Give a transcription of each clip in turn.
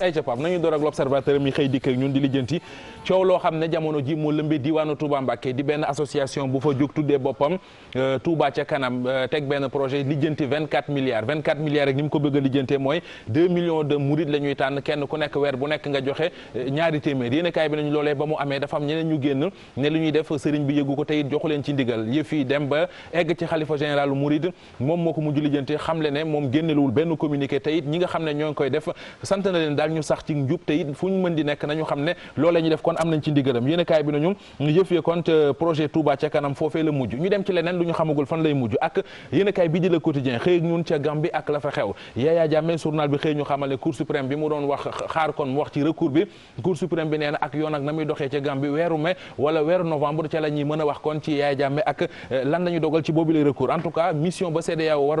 ay ca Pape nañu door l'observateur mi xëy dikk ñun di lijjanti coow loo xam ne jamono ji moo lëmbee diwaanu Touba Mbacké di benn association bu fa jóg tuddee boppam euh, Touba ca kanam euh, teg benn projet lijjanti 24 milliards 24 milliards rek ni ko bëgg a lijjantee mooy 2 millions de murid la ñuy kenn ku nekk weer bu nekk nga joxe euh, ñaari téeméer yéen a kaay bi nañu loolee ba mu amee dafa am ñeneen ñu génn ne lu ñuy def sëriñ bi yëgu leen ci ndigal yëf yi dem ba egg ci xalifa moom moo ko mujj lijjante xam le ne moom génnelewul benn communiqué te it nga xam ne ñoo ngi koy def sant na leen daal ak ñu sax ci njub te fu ñu mën nekk nañu xam ne loolee ñu def kon am nañ ci ndigalam yéen a kaay bi nañu yëf ya kon projet Touba ca kanam la mujj ñu dem ci leneen lu ñu fan lay mujj ak yéen a kaay bi di le ñun ca Gambie ak la fa xew Yaya Jammeh journal bi xëy ñu xamale Cour suprême bi mu doon wax xaar kon mu wax ci recours bi Cour suprême bi nee ak yoon ak na muy doxee weeru mai wala weeru novembre ca la a wax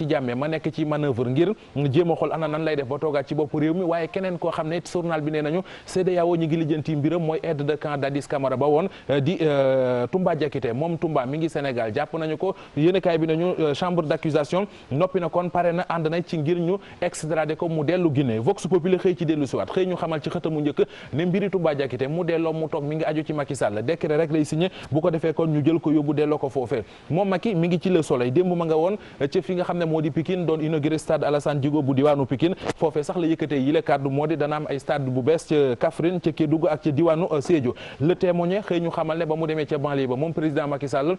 ci jàmme ma nekk ci manœuvre ngir jéem a ana nan lay def ba toogaat ci bopp réew mi waaye keneen koo xam ne journal bi nee nañu CEDEAO ñu ngi lijjanti mbiram mooy aide de camp Dadis Camara ba woon euh, di euh, Toumba moom Toumba mi ngi Sénégal jàpp nañu ko yéenekaay bi nañu euh, chambre d'accusation noppi na kon pare na ànd na ci ngir ñu extradé ko mu dellu Guinée Vox Populi xëy ci dellu siwaat xëy ñu xamal ci xëtamu njëkk ne mbiri Toumba Diakité mu delloo mu toog mi ngi aju ci Macky Sall décret rek lay signé bu ko ko yóbbu delloo ko foofee moom Macky mi ngi ci Le Soleil moo di Pikine doon inauguré stade Alassane Djigo bu diwaanu Pikine foofee sax la yëkkatee yile kàddu moo di dana ay stade bu bees ca Kaffrine ca Kédougou ak ca diwaanu euh, Sédhiou le témoigné xëy ñu xamal ne ba mu demee ca banlieue ba moom président Macky Sall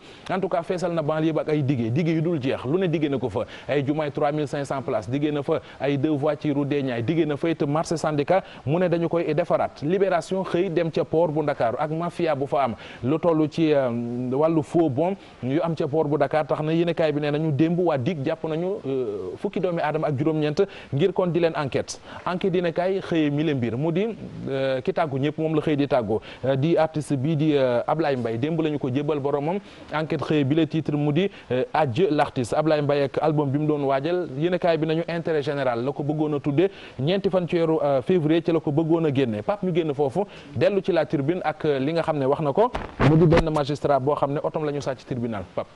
feesal na banlieue ba ay digee digee yu dul jeex lu ne digee na ko fa ay jumaay 3500 places digee na fa ay deux voitures ru deñaay digee na fa it marché syndicat mu ne dañu koy defaraat libération nañu euh, fukki doomi aadama ak juróom-ñeent ngir kon di leen enquête yi dina kay xëyee mi le mbir mu di euh, ki tàggu ñëpp moom la xëy di tàggu euh, di artiste bii di Ablaye mbay demb la ñu ko jébal boromam enquête xëye bi le titre mu di adieu l'artiste Ablaye Mbaye ak album bi mu doon waajal yéen a kaay bi nañu intérêt général la ko bëggoon a tuddee ñeenti fan ci weeru février ci la ko bëggoon a génne pap ñu génn foofu dellu ci la tribune ak linga xam ne wax na ko mu di benn boo xam ne otom la ñu sàcc tribunal pap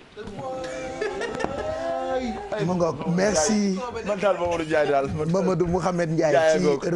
mu ngoog merci Mamadou Mouhamed Ndiaye ci